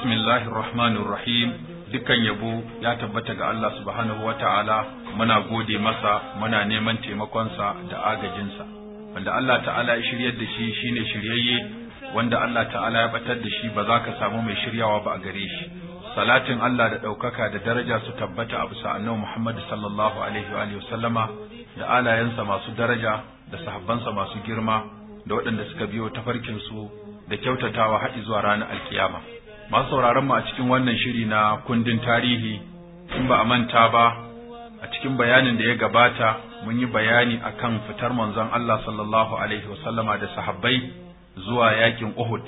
bismillahirrahmanirrahim rahmanir dukkan yabo ya tabbata ga Allah subhanahu ta'ala muna gode masa muna neman taimakonsa da agajinsa wanda Allah ta'ala ya shiryar da shi shine shiryayye wanda Allah ta'ala ya batar da shi ba za ka samu mai shiryawa ba a gare shi salatin Allah da ɗaukaka da daraja su tabbata a bisa annabi Muhammad sallallahu alaihi wa sallama da alayensa masu daraja da sahabbansa masu girma da waɗanda suka biyo tafarkinsu da kyautatawa haɗi zuwa ranar alkiyama. masu sauraron mu a cikin wannan shiri na kundin tarihi in ba a manta ba a cikin bayanin da ya gabata mun yi bayani akan fitar manzon Allah sallallahu alaihi wasallama da sahabbai zuwa yakin Uhud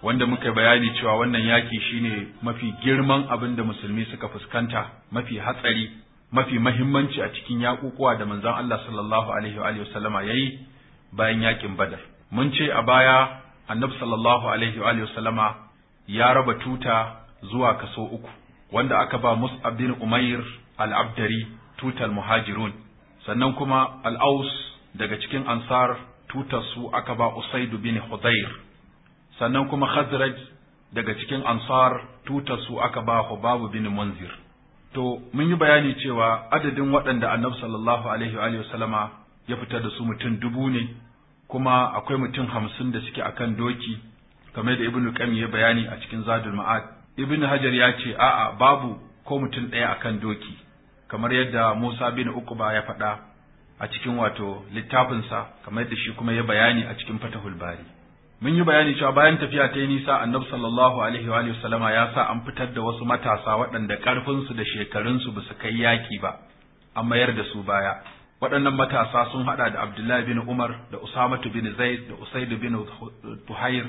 wanda muka bayani cewa wannan yaki shine mafi girman abin da musulmi suka fuskanta mafi hatsari mafi mahimmanci a cikin yakukuwa da manzon Allah sallallahu alaihi wa sallama yayi bayan yakin Badar mun ce a baya annabi sallallahu alaihi wa sallama ya raba tuta zuwa kaso uku wanda aka ba Mus'ab bin Umair al-Abdari tutal muhajirun sannan kuma al-Aus daga cikin Ansar tutar su aka ba Usaid bin Hudayr sannan kuma Khazraj daga cikin Ansar tutar su aka ba Hubab bin Munzir to mun yi bayani cewa adadin waɗanda Annabi sallallahu alaihi wa sallama ya fitar da su mutum dubu ne kuma akwai mutum hamsin da suke akan doki kamar da ibnu qayyim ya bayani a cikin zadul ma'ad ibnu hajar ya ce a'a babu ko mutum ɗaya akan doki kamar yadda Musa bin Uqba ya faɗa a cikin wato littafinsa kamar yadda shi kuma ya bayani a cikin Fatahul Bari mun yi bayani cewa bayan tafiya ta yi nisa Annabi sallallahu alaihi wa sallama ya sa an fitar da wasu matasa waɗanda ƙarfinsu da shekarunsu ba su kai yaki ba an mayar da su baya waɗannan matasa sun haɗa da Abdullahi bin Umar da Usamatu bin Zaid da Usaid bin Tuhair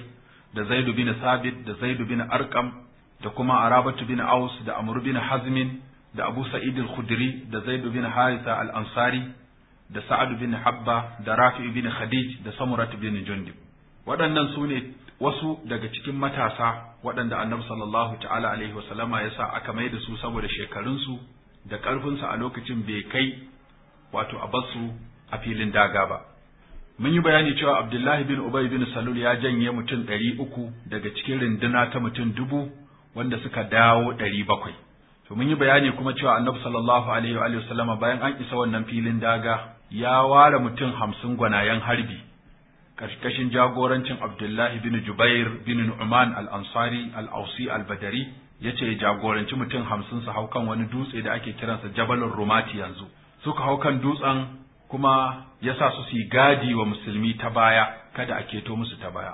da Zaidu bin Sabit da Zaidu bin Arqam da kuma Arabatu bin Aus da amru bin Hazmin da Abu Sa'id al-Khudri da Zaidu bin Haritha al-Ansari da Sa'ad bin Habba da Rafi bin Khadij da Samurat bin Jundib waɗannan su ne wasu daga cikin matasa waɗanda annabi sallallahu ta'ala alaihi wasallama ya sa aka mai da su saboda shekarunsu da ƙarfinsu a lokacin bai kai wato a basu a filin daga ba mun yi bayani cewa Abdullahi bin Ubay bin Salul ya janye mutum ɗari uku daga cikin runduna ta mutum dubu wanda suka dawo ɗari bakwai. To mun yi bayani kuma cewa Annabi sallallahu alaihi wa sallama bayan an isa wannan filin daga ya ware mutum hamsin gwanayen harbi karkashin jagorancin Abdullahi bin Jubair bin Nu'man al-Ansari al-Ausi al-Badari ya ce jagoranci mutum hamsin su hau kan wani dutse da ake kiransa Jabalur Rumati yanzu. Suka hau kan dutsen kuma ya sa su yi gadi wa musulmi ta baya kada a keto musu ta baya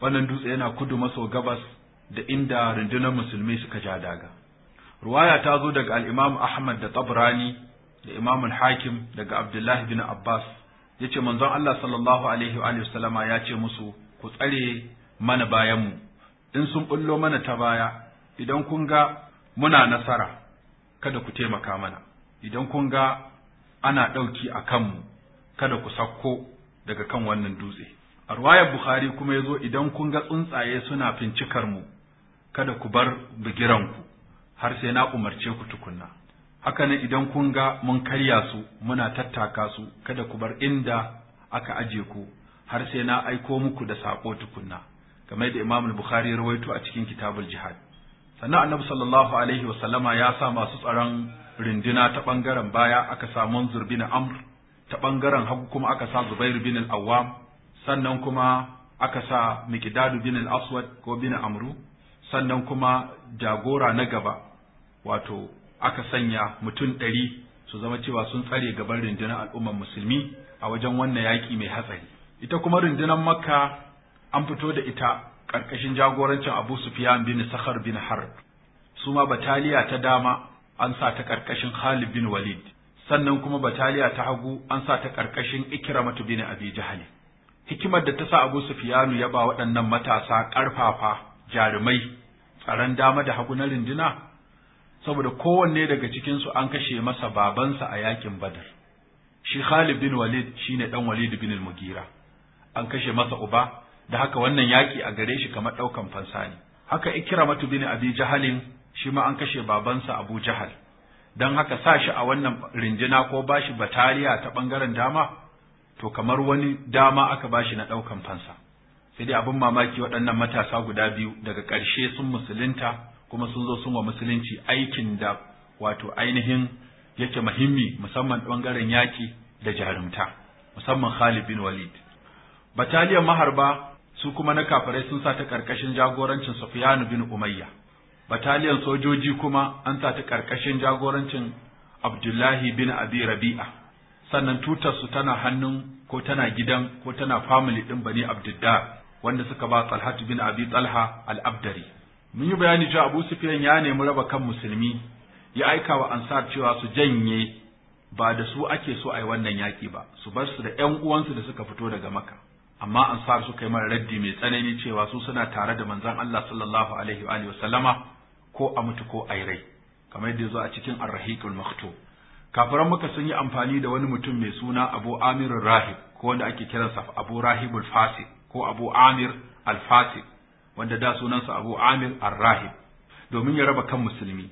wannan dutse yana kudu maso gabas da inda rundunar musulmi suka ja daga ruwaya ta zo daga al Ahmad da Tabrani da Imam Hakim daga Abdullahi bin Abbas yace manzon Allah sallallahu alaihi wa alihi wasallama ya ce musu ku tsare mana bayanmu in sun bullo mana ta baya idan kun ga muna nasara kada ku taimaka mana idan kun ga ana ɗauki a kanmu kada ku sakko daga kan wannan dutse a ruwayar bukhari kuma ya zo idan kun ga tsuntsaye suna fincikar mu kada ku bar bigiranku har sai na umarce ku tukunna haka nan idan kun ga mun karya su muna tattaka su kada ku bar inda aka aje ku har sai na aiko muku da saƙo tukunna game da imam bukhari ya rawaito a cikin kitabul jihad sannan annabi sallallahu alaihi wasallama ya sa masu tsaron rindina ta bangaren baya aka sa Munzur bin Amr ta bangaren hagu kuma aka sa Zubair bin al-Awwam sannan kuma aka sa Miqdad bin al-Aswad ko bin Amru sannan kuma jagora na gaba wato aka sanya mutum ɗari su zama cewa sun tsare gaban rundunar al'ummar musulmi a wajen wannan yaƙi mai hatsari ita kuma rundunar makka an fito da ita ƙarƙashin jagorancin Abu Sufyan bin Sakhar bin Harb. Su ma bataliya ta dama an sa ta ƙarƙashin Khalid bin Walid. Sannan kuma bataliya ta hagu an sa ta ƙarƙashin Ikramatu bin Abi Jahl Hikimar da ta sa Abu Sufyan ya ba waɗannan matasa ƙarfafa jarumai tsaron dama da hagu na rinduna saboda kowanne daga cikin su an kashe masa babansa a yakin Badar. Shi Khalid bin Walid shine ɗan Walid bin Mugira. An kashe masa uba da haka wannan yaki a gare shi kamar ɗaukan fansa ne haka ikira matu bin abi jahalin shi ma an kashe babansa abu jahal don haka sa shi a wannan rinjina ko ba shi bataliya ta ɓangaren dama to kamar wani dama aka ba shi na ɗaukan fansa sai dai abin mamaki waɗannan matasa guda biyu daga ƙarshe sun musulunta kuma sun zo sun wa musulunci aikin da wato ainihin yake muhimmi musamman ɓangaren yaki da jarumta musamman Khalid bin Walid. Bataliyar maharba su kuma na kafirai sun sa ta karkashin jagorancin Sufyan bin Umayya bataliyan sojoji kuma an sa ta karkashin jagorancin Abdullahi bin Abi Rabi'a sannan tutar su tana hannun ko tana gidan ko tana family din Bani Abdiddar wanda suka ba Talhat bin Abi Talha al-Abdari mun yi bayani cewa Abu Sufyan ya nemi raba kan musulmi ya aika wa Ansar cewa su janye ba da su ake so a yi wannan yaƙi ba su bar su da ƴan uwansu da suka fito daga Makka amma ansar suka yi mana raddi mai tsanani cewa su suna tare da manzon Allah sallallahu alaihi wa sallama ko a mutu ko a rai kamar yadda zo a cikin ar-rahiqul maktub kafiran maka sun yi amfani da wani mutum mai suna Abu Amir Rahib ko wanda ake kiransa Abu Rahibul Fasik ko Abu Amir Al-Fasik wanda da sunansa Abu Amir Ar-Rahib domin ya raba kan musulmi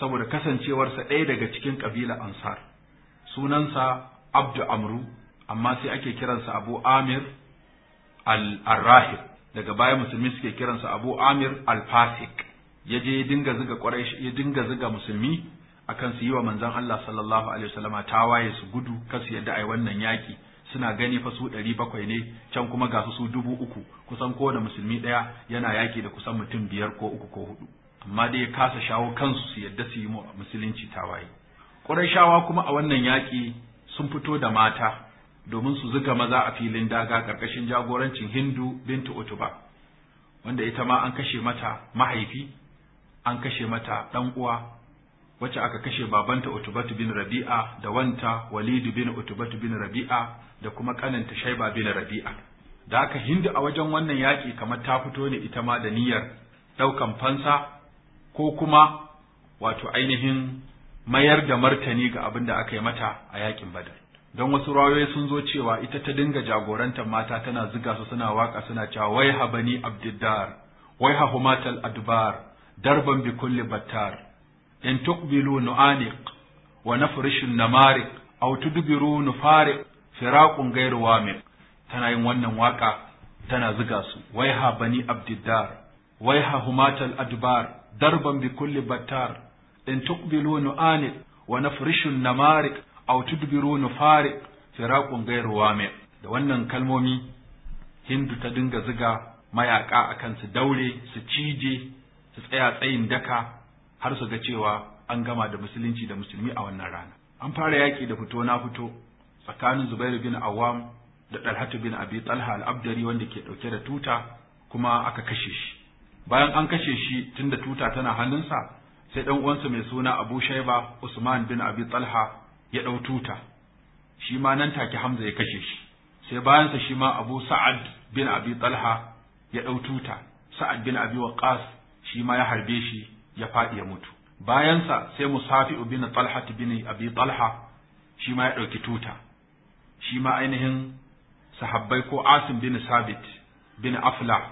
saboda kasancewarsa ɗaya daga cikin kabila Ansar sunansa Abdu Amru amma sai ake kiransa Abu Amir al-rahib daga baya musulmi suke kiransa Abu Amir al-Fasik ya je ya dinga zuga Quraysh ya dinga zuga musulmi akan su yi wa manzon Allah sallallahu alaihi wasallama tawaye su gudu kasu yadda ai wannan yaki suna gani fa su ɗari bakwai ne can kuma ga su dubu uku kusan da musulmi ɗaya yana yaki da kusan mutum biyar ko uku ko hudu amma dai ya kasa shawo kansu su yadda su yi musulunci ta tawaye shawa kuma a wannan yaki sun fito da mata domin su zuga maza a filin daga ƙarƙashin jagorancin hindu bintu utuba wanda ita ma an kashe mata mahaifi an kashe mata ɗan uwa wacce aka kashe babanta utubatu bin rabi'a da wanta walidu bin utubatu bin rabi'a da kuma ƙaninta shaiba bin rabi'a da aka hindu a wajen wannan yaƙi kamar ta fito ne ita ma da niyyar ɗaukan fansa ko kuma wato ainihin mayar da martani ga abin da aka yi mata a yaƙin badar don wasu rawaye sun zo cewa ita ta dinga jagorantar mata tana ziga su suna waka suna cewa wai ha bani abdiddar wai ha humatal adbar darban bi kulli battar in tuqbilu nu'aniq wa nafrish namariq aw tudbiru nufariq firaqun ghairu wamiq tana yin wannan waka tana ziga su wai ha bani abdiddar wai ha humatal adbar darban bi kulli battar in tuqbilu nu'aniq wa nafrish namariq aw tudbiru nufariq firaqun ghayru wami da wannan kalmomi hindu ta dinga ziga mayaka akan su daure su cije su tsaya tsayin daka har su ga cewa an gama da musulunci da musulmi a wannan rana an fara yaki da fito na fito tsakanin Zubair bin Awam da Talhatu bin Abi Talha al-Abdari wanda ke dauke da tuta kuma aka kashe shi bayan an kashe shi tunda tuta tana hannunsa sai dan uwansa mai suna Abu Shaiba, Usman bin Abi Talha ya ɗau tuta shi ma nan take hamza ya kashe shi sai bayansa shi ma abu sa'ad bin abi talha ya ɗau tuta sa'ad bin abi waqas shi ma ya harbe shi ya faɗi ya mutu bayansa sai musafi bin talha bin abi talha shi ma ya ɗauki tuta shi ma ainihin sahabbai ko asim bin sabit bin afla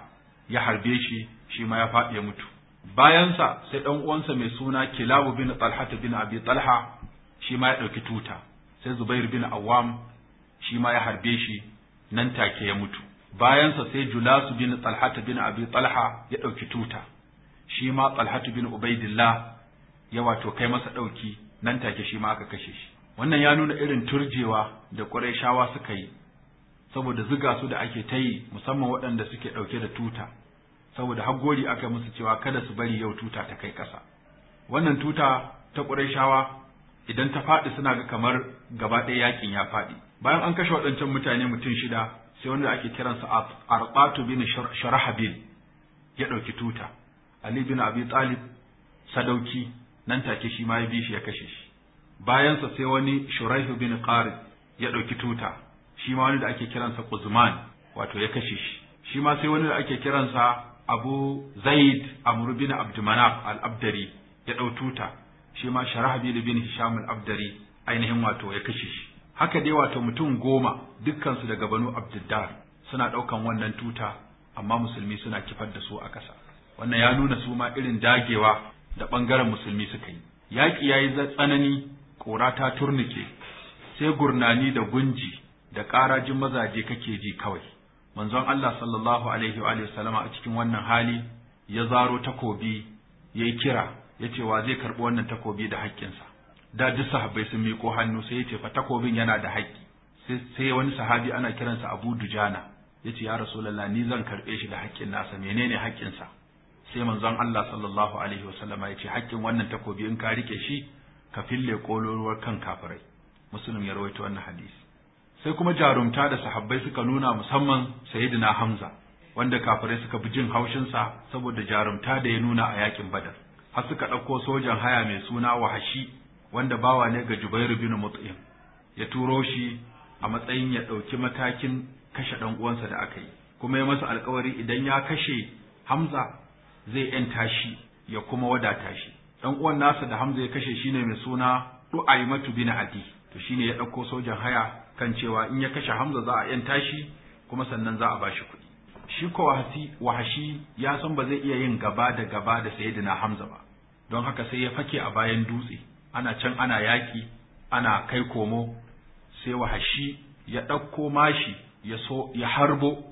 ya harbe shi shi ma ya faɗi ya mutu bayansa sai ɗan uwansa mai suna kilabu bin talha bin abi talha shi ma ya ɗauki tuta sai zubair bin awam shi ma ya harbe shi nan take ya mutu bayansa sai julasu bin talhata bin abi talha ya ɗauki tuta shi ma talhatu bin ubaidillah ya wato kai masa ɗauki nan take shi ma aka kashe shi wannan ya nuna irin turjewa da ƙurayshawa suka yi saboda zuga su da ake ta yi musamman waɗanda suke ɗauke da tuta saboda haggori aka musu cewa kada su bari yau tuta ta kai ƙasa wannan tuta ta ƙurayshawa idan ta faɗi suna ga kamar gaba ɗaya yakin ya faɗi bayan an kashe waɗancan mutane mutum shida sai wanda ake kiransa arbatu bin sharahabil ya ɗauki tuta ali bin abi talib sadauki nan take shi ma ya bi shi ya kashe shi bayansa sai wani shuraihu bin qarid ya ɗauki tuta shi ma wani da ake kiransa quzman wato ya kashe shi shi ma sai wani da ake kiransa abu zaid Amru bin abdumanaf al-abdari ya ɗau tuta shi ma Sharahabilu bin Hisham al-Abdari ainihin wato ya kashe shi haka dai wato mutum goma dukkansu daga Banu Abdiddar suna ɗaukan wannan tuta amma musulmi suna kifar da su a ƙasa wannan ya nuna su ma irin dagewa da ɓangaren musulmi suka yi yaƙi ya yi tsanani ƙora ta turnike sai gurnani da gunji da ƙarajin mazaje kake ji kawai manzon Allah sallallahu alaihi wa sallama a cikin wannan hali ya zaro takobi ya yi kira Ya ce wa zai karɓi wannan takobi da haƙƙinsa da duk sahabbai sun miƙo hannu sai ya ce fa takobin yana da haƙƙi sai wani sahabi ana kiransa Abu Dujana ce ya Rasulullah ni zan karɓe shi da haƙƙin nasa menene haƙƙinsa sai manzon Allah sallallahu alaihi wasallam ce haƙƙin wannan takobi in ka rike shi ka fille kololuwar kan kafirai muslim ya rawaito wannan hadisi sai kuma jarumta da sahabbai suka nuna musamman sayyidina Hamza wanda kafirai suka bi jin haushinsa saboda jarumta da ya nuna a yakin Badar har suka ɗauko sojan haya mai suna wahashi wanda bawa ne ga Jubairu bin Mut'im ya turo shi a matsayin ya ɗauki matakin kashe ɗan uwansa da aka yi kuma ya masa alkawari idan ya kashe Hamza zai ‘yanta shi ya kuma wadata shi ɗan uwan nasa da Hamza ya kashe shine mai suna Du'aimatu bin Adi to shine ya ɗauko sojan haya kan cewa in ya kashe Hamza za a ‘yanta shi kuma sannan za a bashi kuɗi shi ko wahashi ya san ba zai iya yin gaba da gaba da sayyidina Hamza ba don haka sai ya fake a bayan dutse ana can ana yaki ana kai komo sai wahashi ya ɗauko mashi ya so ya harbo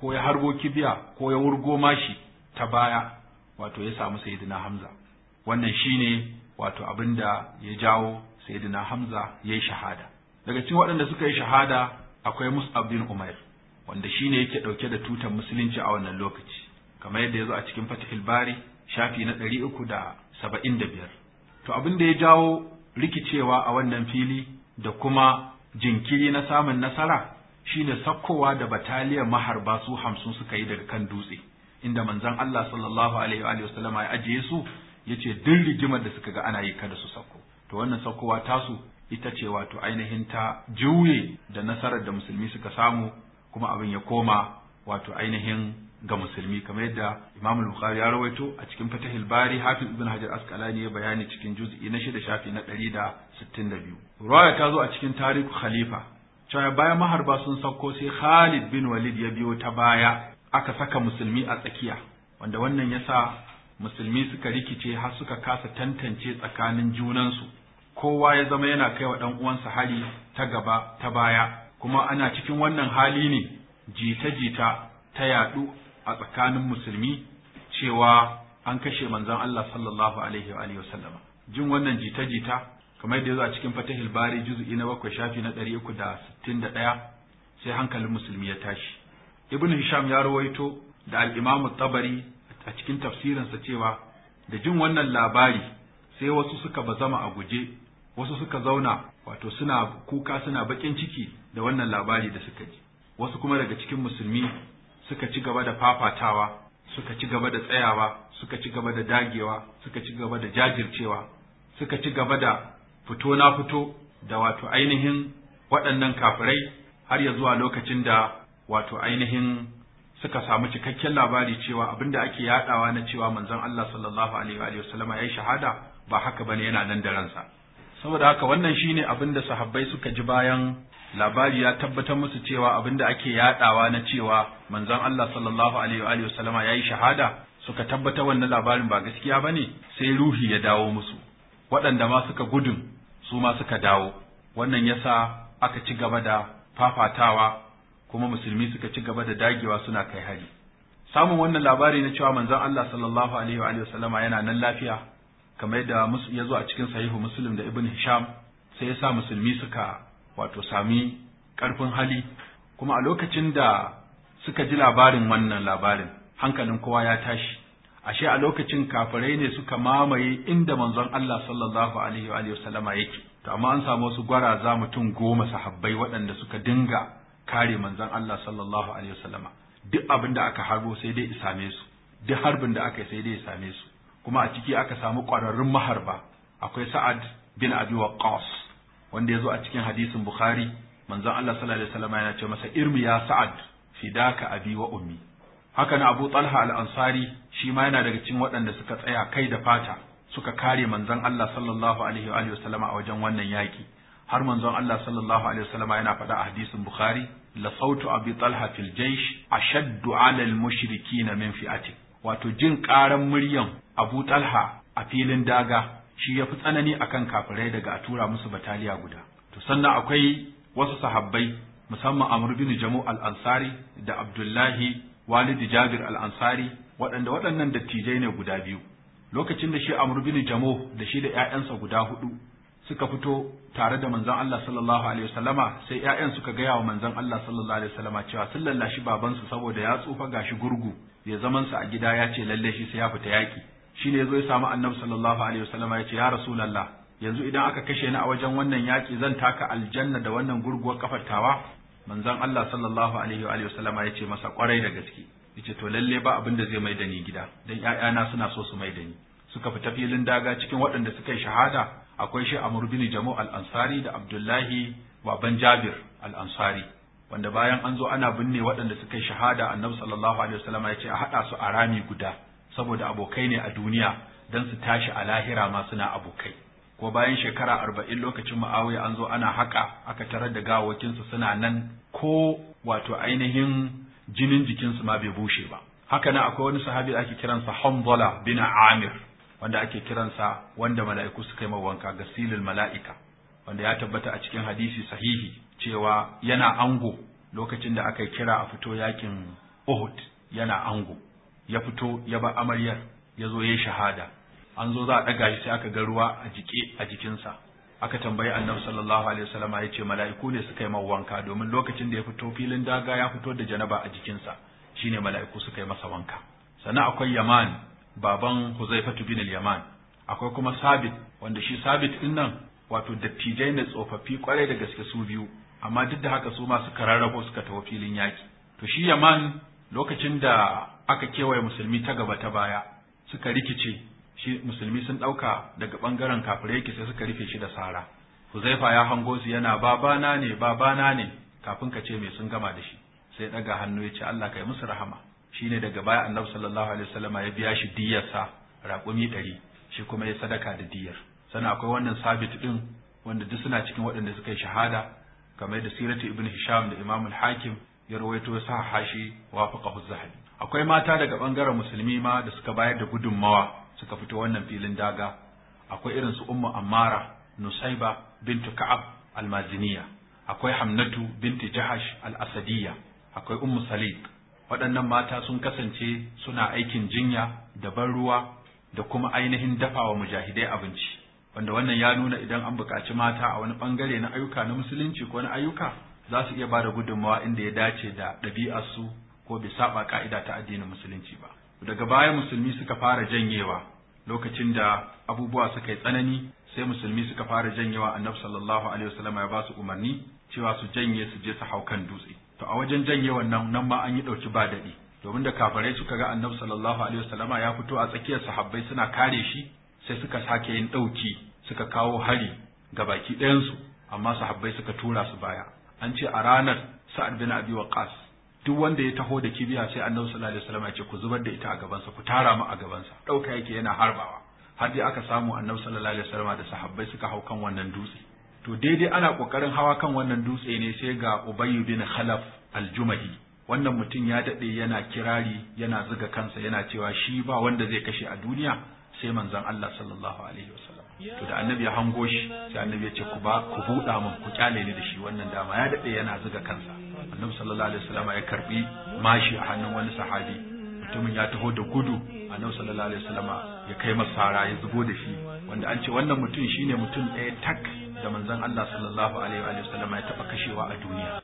ko ya harbo kibiya ko ya wurgo mashi ta baya wato ya samu sayyidina Hamza wannan shine wato abin da ya jawo sayyidina Hamza yayi shahada daga cikin waɗanda suka yi shahada akwai Mus'ab bin Umair wanda shine yake ɗauke da tutar musulunci a wannan lokaci kamar yadda ya zo a cikin Fathul Bari shafi na ɗari uku da saba'in da biyar to abin da ya jawo rikicewa a wannan fili da kuma jinkiri na samun nasara shine sakkowa da bataliyar maharba su hamsin suka yi daga kan dutse inda manzon Allah sallallahu alaihi wa sallama ya ajiye su ya ce duk rigimar da suka ga ana yi kada su sakko to wannan sakkowa tasu ita ce wato ainihin ta juye da nasarar da musulmi suka samu kuma abin ya koma wato ainihin ga musulmi kamar yadda Imam Bukhari ya rawaito a cikin Fatahil Bari Hafiz Ibn Hajar Asqalani ya bayani cikin juz'i na shida shafi na 162 ruwaya ta zo a cikin Tariq Khalifa cewa bayan maharba sun sauko sai Khalid bin Walid ya biyo ta baya aka saka musulmi a tsakiya wanda wannan yasa musulmi suka rikice har suka kasa tantance tsakanin junansu kowa ya zama yana kai wa ɗan uwansa hari ta gaba ta baya kuma ana cikin wannan hali ne jita-jita ta yadu. a tsakanin musulmi cewa an kashe manzon Allah sallallahu alaihi wa sallama jin wannan jita-jita kamar yadda yazo a cikin Fatahil Bari juz'i na bakwai shafi na 361 sai hankalin musulmi ya tashi Ibn Hisham ya rawaito da al-Imam Tabari a cikin tafsirinsa cewa da jin wannan labari sai wasu suka bazama a guje wasu suka zauna wato suna kuka suna bakin ciki da wannan labari da suka ji wasu kuma daga cikin musulmi suka ci gaba da fafatawa suka ci gaba da tsayawa suka ci gaba da dagewa suka ci gaba da jajircewa suka ci gaba da fito na fito da wato ainihin waɗannan kafirai har ya zuwa lokacin da wato ainihin suka samu cikakken labari cewa abin da ake yaɗawa na cewa manzon Allah sallallahu alaihi wa sallama ya yi shahada ba haka bane yana nan da ransa saboda haka wannan shine abin da sahabbai suka ji bayan labari ya tabbatar musu cewa abin da ake yadawa na cewa manzon Allah sallallahu alaihi wa sallama yayi shahada suka tabbata wannan labarin ba gaskiya bane sai ruhi ya dawo musu waɗanda ma suka gudun su ma suka dawo wannan yasa aka ci gaba da fafatawa kuma musulmi suka ci gaba da dagewa suna kai hari samun wannan labari na cewa manzon Allah sallallahu alaihi wa sallama yana nan lafiya kamar yadda ya zo a cikin sahihu muslim da ibn hisham sai ya sa musulmi suka wato sami ƙarfin hali kuma a lokacin da suka ji labarin wannan labarin hankalin kowa ya tashi ashe a lokacin kafirai ne suka mamaye inda manzon Allah sallallahu alaihi wa alihi wasallama yake to amma an samu wasu gwaraza mutum goma sahabbai waɗanda suka dinga kare manzon Allah sallallahu alaihi wasallama duk abin da aka harbo sai dai same su duk harbin da aka yi sai dai same su kuma a ciki aka samu ƙwararrun maharba akwai Sa'ad bin Abi Waqqas wanda ya zo a cikin hadisin bukhari manzon Allah sallallahu alaihi wasallam yana ce masa irmi ya sa'ad fidaka abi wa ummi haka na Abu Talha al-Ansari shi ma yana daga cikin waɗanda suka tsaya kai da fata suka kare manzon Allah sallallahu alaihi wa alihi a wajen wannan yaki har manzon Allah sallallahu alaihi yana faɗa a hadisin Bukhari la sautu Abi Talha fil jaysh ashaddu 'ala al-mushrikeena min fi'ati wato jin ƙaran muryan Abu Talha a filin daga shi ya fi tsanani a kan kafirai daga a tura musu bataliya guda to sannan akwai wasu sahabbai musamman Amr bin Jamu al-Ansari da Abdullahi walidi Jabir al-Ansari waɗanda waɗannan dattijai ne guda biyu lokacin da shi Amr bin Jamu da shi da ƴaƴansa guda hudu suka fito tare da manzon Allah sallallahu alaihi wasallama sai ƴaƴan suka gaya wa manzon Allah sallallahu alaihi wasallama cewa sun lallashi babansu saboda ya tsufa gashi gurgu ya zamansa a gida ya ce lalle shi sai ya fita yaƙi. shine yazo ya samu annabi sallallahu alaihi wasallama, ya rasu ya rasulullah yanzu idan aka kashe ni a wajen wannan yaki zan taka aljanna da wannan gurguwar kafar tawa manzon Allah sallallahu alaihi wa ya ce masa kwarai da gaske yace to lalle ba abin da zai mai da ni gida dan ƴaƴana suna so su mai da ni suka fita filin daga cikin waɗanda suka yi shahada akwai shi Amr bin Jamu al-Ansari da Abdullahi baban Jabir al-Ansari wanda bayan an zo ana binne waɗanda suka yi shahada annabi sallallahu alaihi ya ce a haɗa su a rami guda saboda abokai ne a duniya don su tashi a lahira ma suna abokai ko bayan shekara arba'in lokacin ma'awiya an zo ana haka aka tarar da gawokinsu suna nan ko wato ainihin jinin jikinsu ma bai bushe ba haka nan akwai wani sahabi ake kiransa Hanzala bin Amir wanda ake kiransa wanda mala'iku suka yi wanka silin mala'ika wanda ya tabbata a cikin hadisi sahihi cewa yana ango lokacin da aka kira a fito yakin Uhud yana ango ya fito ya ba amaryar ya zo ya shahada an zo za a ɗaga shi sai aka ga ruwa a jike a jikinsa aka tambayi annabi sallallahu alaihi wasallam ya ce mala'iku ne suka yi masa wanka domin lokacin da ya fito filin daga ya fito da janaba a jikinsa shine mala'iku suka yi masa wanka sannan akwai yaman baban huzaifatu bin yaman akwai kuma sabit wanda shi sabit din nan wato dattijai ne tsofaffi kwarai da gaske su biyu amma duk da haka su ma suka rarrabo suka tafi filin yaki to shi yaman lokacin da aka kewaye musulmi ta gaba ta baya suka rikice shi musulmi sun ɗauka daga ɓangaren kafirai yake sai suka rufe shi da sara huzaifa ya hango su yana babana ne babana ne kafin ka ce me sun gama da shi sai ɗaga hannu ya ce Allah kai musu rahama shine daga baya annabi sallallahu alaihi wasallama ya biya shi sa raƙumi ɗari shi kuma ya sadaka da diyar sannan akwai wannan sabit ɗin wanda duk suna cikin waɗanda suka yi shahada kamar da siratu ibnu hisham da imamul hakim ya rawaito ya sa hashi wafaqahu zahabi akwai mata daga ɓangaren musulmi ma da suka bayar da gudunmawa suka fito wannan filin daga akwai irin su ummu ammara nusaiba bintu ka'ab almaziniya akwai hamnatu binti jahash al asadiya akwai ummu salik waɗannan mata sun kasance suna aikin jinya da ban ruwa da kuma ainihin dafawa mujahidai abinci wanda wannan ya nuna idan an buƙaci mata a wani ɓangare na ayyuka na musulunci ko na ayyuka za su iya ba da gudunmawa inda ya dace da ɗabi'arsu ko bai saba ka'ida ta addinin musulunci ba daga baya musulmi suka fara janyewa lokacin da abubuwa suka yi tsanani sai musulmi suka fara janyewa annabi sallallahu alaihi wasallam ya ba su umarni cewa su janye su je su hau kan dutse to a wajen janyewan nan nan ma an yi ɗauki ba daɗi. domin da kafarai suka ga annabi sallallahu alaihi wasallama ya fito a tsakiyar sahabbai suna kare shi sai suka sake yin ɗauki suka kawo hari ga baki ɗayansu amma sahabbai suka tura su baya an ce a ranar sa'ad bin abi waqas duk wanda ya taho da kibiya sai annabi sallallahu alaihi wasallam ya ce ku zubar da ita a gabansa ku tara mu a gabansa dauka yake yana harbawa har dai aka samu annabi sallallahu alaihi wasallam da sahabbai suka hau kan wannan dutse to daidai ana kokarin hawa kan wannan dutse ne sai ga Ubayy bin Khalaf al-Jumahi wannan mutum ya dade yana kirari yana zuga kansa yana cewa shi ba wanda zai kashe a duniya sai manzon Allah sallallahu alaihi wasallam to da annabi ya hango shi sai annabi ya ce ku ba ku buɗa mun ku kyale ni da shi wannan dama ya dade yana zuga kansa annabi sallallahu alaihi wasallam ya karbi mashi a hannun wani sahabi mutumin ya taho da gudu annabi sallallahu alaihi wasallam ya kai masa ya zubo da shi wanda an ce wannan mutum shine mutum ɗaya tak da manzon Allah sallallahu alaihi wasallam ya taɓa kashewa a duniya